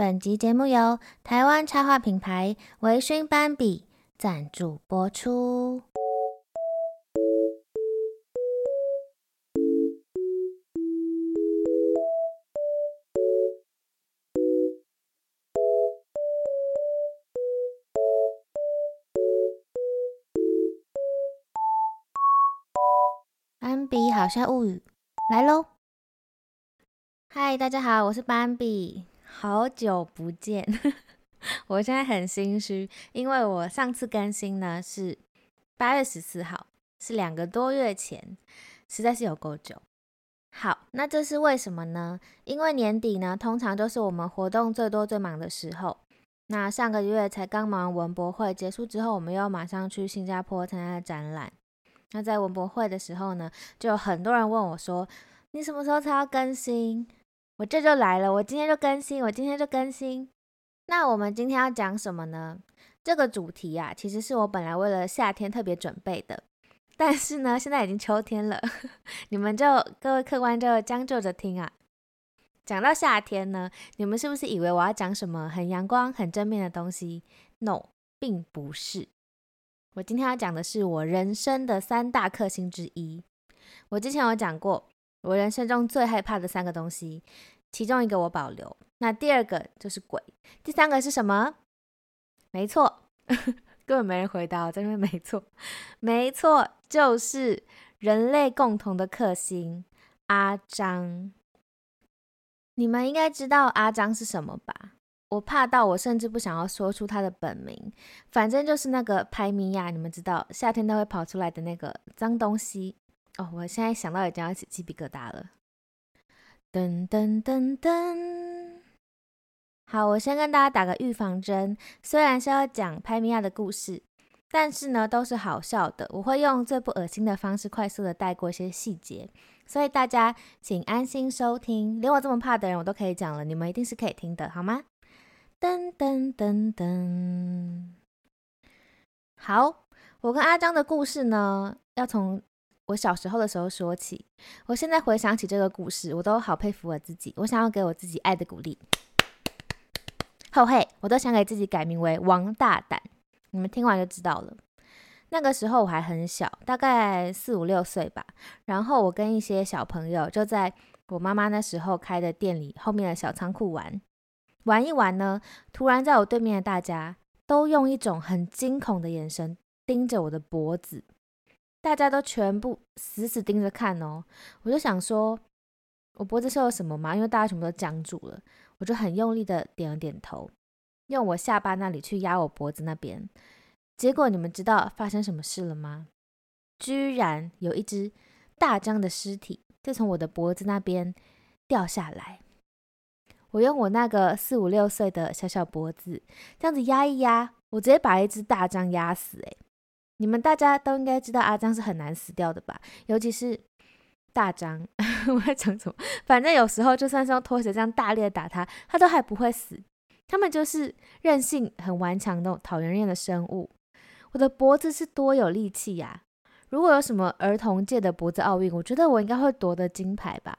本集節目由台灣插畫品牌微醺斑比贊助播出。斑比好像物語來嘍！嗨，大家好，我是斑比。好久不見呵呵，我現在很心虛，因為我上次更新呢是八月十四號，是兩個多月前，實在是有夠久。好，那這是為什麼呢？因為年底呢，通常都是我們活動最多最忙的時候。那上個月才剛忙完文博會結束之後，我們又馬上去新加坡參加展覽。那在文博會的時候呢，就有很多人問我說：“你什麼時候才要更新？”我這就來了，我今天就更新，我今天就更新。那我們今天要講什麼呢？這個主題啊，其實是我本來為了夏天特別準備的，但是呢，現在已經秋天了，呵呵，你們就各位客官就將就着聽啊。講到夏天呢，你們是不是以為我要講什麼很陽光、很正面的東西？No，並不是。我今天要講的是我人生的三大克星之一。我之前有講過。我人生中最害怕的三個東西，其中一個我保留，那第二個就是鬼，第三個是什麼？沒錯，呵呵，根本沒人回答，在這邊沒錯，沒錯，就是人類共同的克星阿蟑。你們應該知道阿蟑是什麼吧？我怕到我甚至不想要說出他的本名，反正就是那個排米亞，你們知道夏天他會跑出來的那個髒東西。哦，我現在想到已經要起雞皮疙瘩了。噔噔噔噔，好，我先跟大家打個預防針，雖然是要講拍米亞的故事，但是呢都是好笑的，我會用最不噁心的方式快速的帶過一些細節，所以大家請安心收聽。連我這麼怕的人我都可以講了，你們一定是可以聽的，好嗎？噔噔噔噔噔，好，我跟阿蟑的故事呢，要從。我小時候的時候說起，我現在回想起這個故事，我都好佩服我自己。我想要給我自己愛的鼓勵。後嘿，我都想給自己改名為王大膽。你們聽完就知道了。那個時候我還很小，大概四五六歲吧。然後我跟一些小朋友就在我媽媽那時候開的店裡後面的小倉庫玩，玩一玩呢，突然在我對面的大家都用一種很驚恐的眼神盯着我的脖子。大家都全部死死盯着看哦，我就想說，我脖子是有什麼嗎？因為大家全部都僵住了，我就很用力的點了點頭，用我下巴那裡去壓我脖子那邊。結果你們知道發生什麼事了嗎？居然有一隻大蟑的屍體就從我的脖子那邊掉下來。我用我那個四五六歲的小小脖子這樣子壓一壓，我直接把一隻大蟑壓死，哎你們大家都應該知道阿蟑是很難死掉的吧？尤其是大蟑 我在講什麼？反正有時候就算是用拖鞋這樣大力的打他，他都還不會死。他們就是韌性，很頑強的、討人厭的生物。我的脖子是多有力氣呀，啊！如果有什麼兒童界的脖子奧運，我覺得我應該會奪得金牌吧。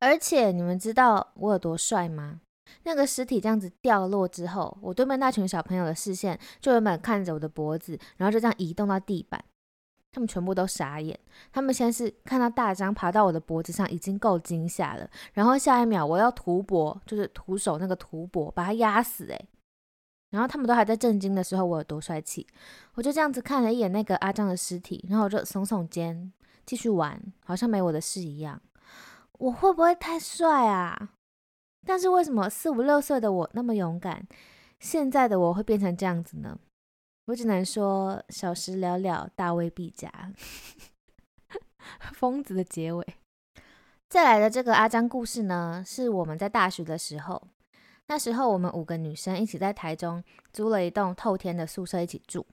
而且你們知道我有多帥嗎？那個屍體這樣子掉落之後，我對面那群小朋友的視線就原本看着我的脖子，然後就這樣移動到地板，他們全部都傻眼。他們先是看到大蟑爬到我的脖子上，已經夠驚嚇了，然後下一秒我要徒搏，就是徒手那個徒搏，把他壓死誒、欸，然後他們都還在震驚的時候，我有多帥氣，我就這樣子看了一眼那個阿蟑的屍體，然後我就聳聳肩，繼續玩，好像沒我的事一樣。我會不會太帥啊？但是為什麼四五六歲的我那麼勇敢，現在的我會變成這樣子呢？我只能說小時了了，大未必佳。 瘋子的結尾。再來的這個阿蟑故事呢，是我們在大學的時候，那時候我們五個女生一起在台中租了一棟透天的宿舍一起住，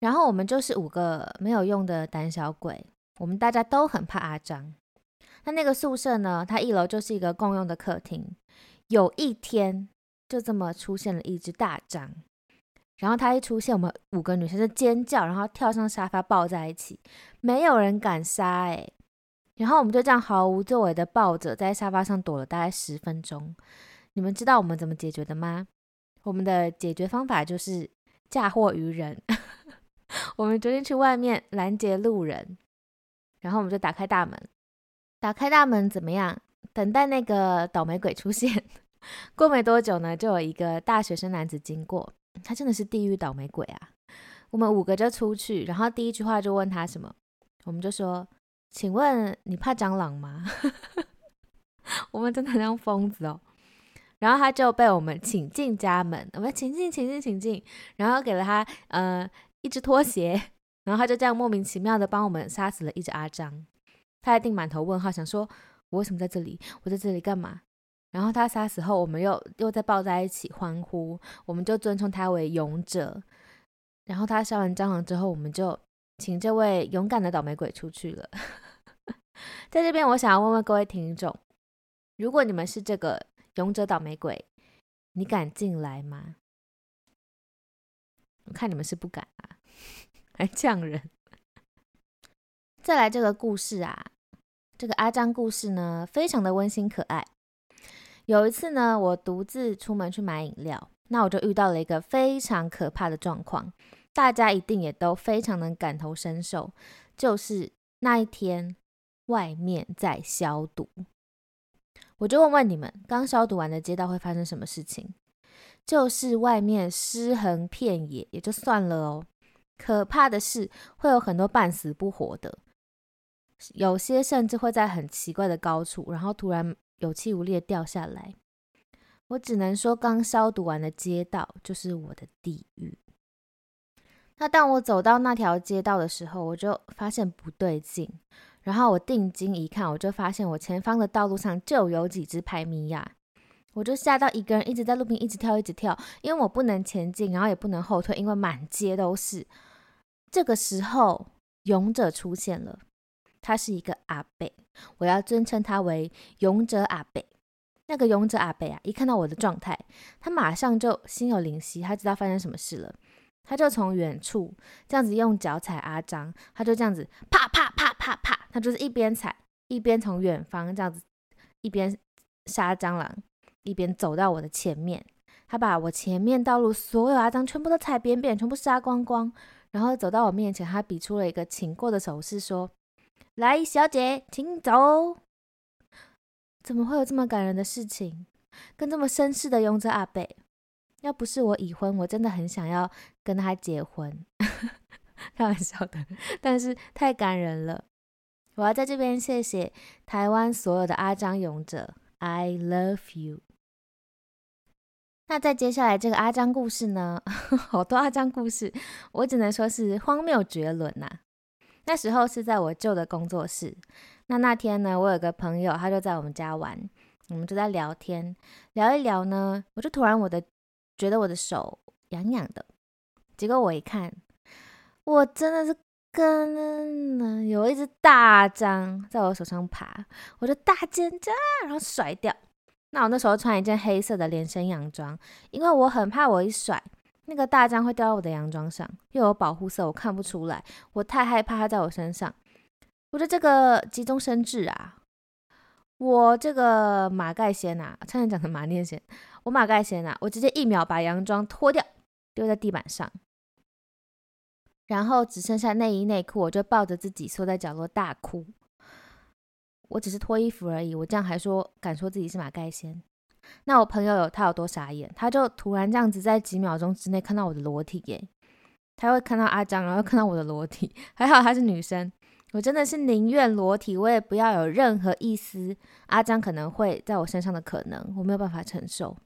然後我們就是五個沒有用的膽小鬼，我們大家都很怕阿蟑。那那個宿舍呢？它一樓就是一個共用的客廳。有一天，就這麼出現了一只大蟑。然後它一出現，我們五個女生就尖叫，然後跳上沙發抱在一起，沒有人敢殺哎、欸。然後我們就這樣毫無作為的抱着在沙發上躲了大概十分鐘。你們知道我們怎麼解決的嗎？我們的解決方法就是嫁禍於人。 我們決定去外面攔截路人，然後我們就打開大門。打開大門怎麼樣？等待那個倒霉鬼出現。過沒多久呢，就有一個大學生男子經過，他真的是地獄倒霉鬼啊！我們五個就出去，然後第一句話就問他什麼，我們就說：“請問你怕蟑螂嗎？” 我們真的很像瘋子哦。然後他就被我們請進家門，我們請進，請進，請進，然後給了他呃一隻拖鞋，然後他就這樣莫名其妙的幫我們殺死了一隻阿蟑。他一定滿頭問號，想說：“我為什麼在這裡？我在這裡幹嘛？”然後他殺死後，我們又又再抱在一起歡呼，我們就尊稱他為勇者。然後他殺完蟑螂之後，我們就請這位勇敢的倒霉鬼出去了。 在這邊，我想要問問各位聽眾：如果你們是這個勇者倒霉鬼，你敢進來嗎？我看你們是不敢啊，還嗆人。再來這個故事啊。這個阿蟑故事呢，非常的溫馨可愛。有一次呢，我獨自出門去買飲料，那我就遇到了一個非常可怕的狀況。大家一定也都非常能感同身受，就是那一天外面在消毒。我就問問你們，剛消毒完的街道會發生什麼事情？就是外面屍橫遍野，也就算了哦。可怕的是，會有很多半死不活的。有些甚至會在很奇怪的高處，然後突然有氣無力的掉下來。我只能說，剛消毒完的街道就是我的地獄。那當我走到那條街道的時候，我就發現不對勁。然後我定睛一看，我就發現我前方的道路上就有幾隻排米亞，我就嚇到一個人一直在路邊一直跳一直跳，因為我不能前進，然後也不能後退，因為滿街都是。這個時候，勇者出現了。他是一個阿伯，我要尊稱他為勇者阿伯。那個勇者阿伯啊，一看到我的狀態，他馬上就心有靈犀，他知道發生什麼事了。他就從遠處這樣子用腳踩阿蟑，他就這樣子啪啪啪啪啪，他就是一邊踩一邊從遠方這樣子一邊殺蟑螂，一邊走到我的前面。他把我前面道路所有阿蟑全部都踩扁扁，全部殺光光，然後走到我面前，他比出了一個請過的手勢，說。來，小姐，請走。怎麼會有這麼感人的事情？跟這麼紳士的勇者阿伯。要不是我已婚，我真的很想要跟他結婚。開 玩笑的，但是太感人了。我要在這邊謝謝台灣所有的阿蟑勇者，I love you。那在接下來這個阿蟑故事呢？ 好多阿蟑故事，我只能說是荒謬絕倫吶、啊。那時候是在我舊的工作室。那那天呢，我有一個朋友，他就在我們家玩，我們就在聊天，聊一聊呢，我就突然我的覺得我的手癢癢的，結果我一看，我真的是跟有一隻大蟑在我手上爬，我就大尖叫，然後甩掉。那我那時候穿一件黑色的連身洋裝，因為我很怕我一甩。那個大蟑會掉到我的洋裝上，又有保護色，我看不出來。我太害怕它在我身上。我的這個急中生智啊！我這個馬蓋先啊，差點講成馬尿先。我馬蓋先啊，我直接一秒把洋裝脫掉，丟在地板上，然後只剩下內衣內褲，我就抱着自己縮在角落大哭。我只是脫衣服而已，我這樣還說敢說自己是馬蓋先？那我朋友有，他有多傻眼？他就突然這樣子在幾秒鐘之內看到我的裸體耶！他會看到阿蟑，然後看到我的裸體。還好他是女生，我真的是寧願裸體，我也不要有任何一絲阿蟑可能會在我身上的可能，我沒有辦法承受。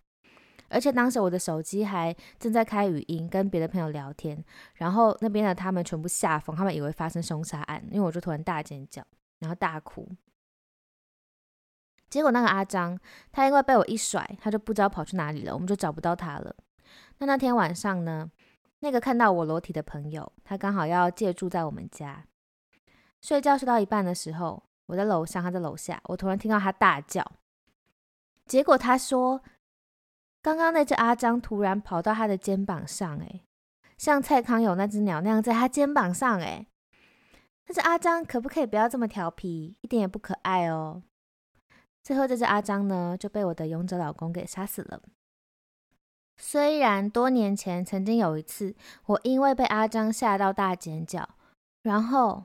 而且當時我的手機還正在開語音跟別的朋友聊天，然後那邊的他們全部嚇瘋，他們以為發生凶殺案，因為我就突然大尖叫，然後大哭。結果那個阿張，他因為被我一甩，他就不知道跑去哪裡了，我們就找不到他了。那那天晚上呢，那個看到我裸體的朋友，他剛好要借住在我們家，睡覺睡到一半的時候，我在樓上，他在樓下，我突然聽到他大叫。結果他說，剛剛那只阿張突然跑到他的肩膀上，欸，哎，像蔡康永那只鳥那樣，在他肩膀上，欸，哎，但是阿張可不可以不要這麼調皮，一點也不可愛哦。最後，這只阿蟑呢，就被我的勇者老公給殺死了。雖然多年前曾經有一次，我因為被阿蟑嚇到大尖叫，然後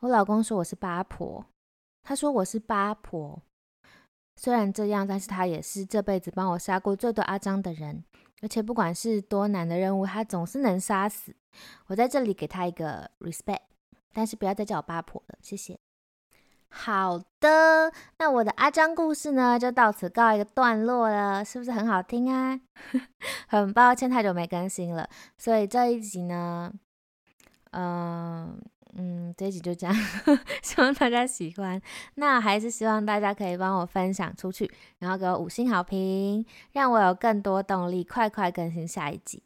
我老公說我是八婆，他說我是八婆。雖然這樣，但是他也是這輩子幫我殺過最多阿蟑的人，而且不管是多難的任務，他總是能殺死。我在這裡給他一個 respect，但是不要再叫我八婆了，謝謝。好的，那我的阿蟑故事呢，就到此告一個段落了，是不是很好聽啊？ 很抱歉，太久沒更新了，所以這一集呢，嗯、呃、嗯，這一集就這樣，希望大家喜歡。那還是希望大家可以幫我分享出去，然後給我五星好評，讓我有更多動力，快快更新下一集。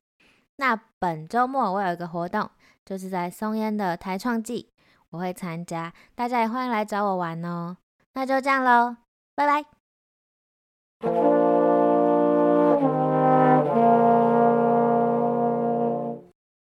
那本周末我有一個活動，就是在松菸的台創季。我會參加，大家也歡迎來找我玩哦。那就這樣嘍，拜拜。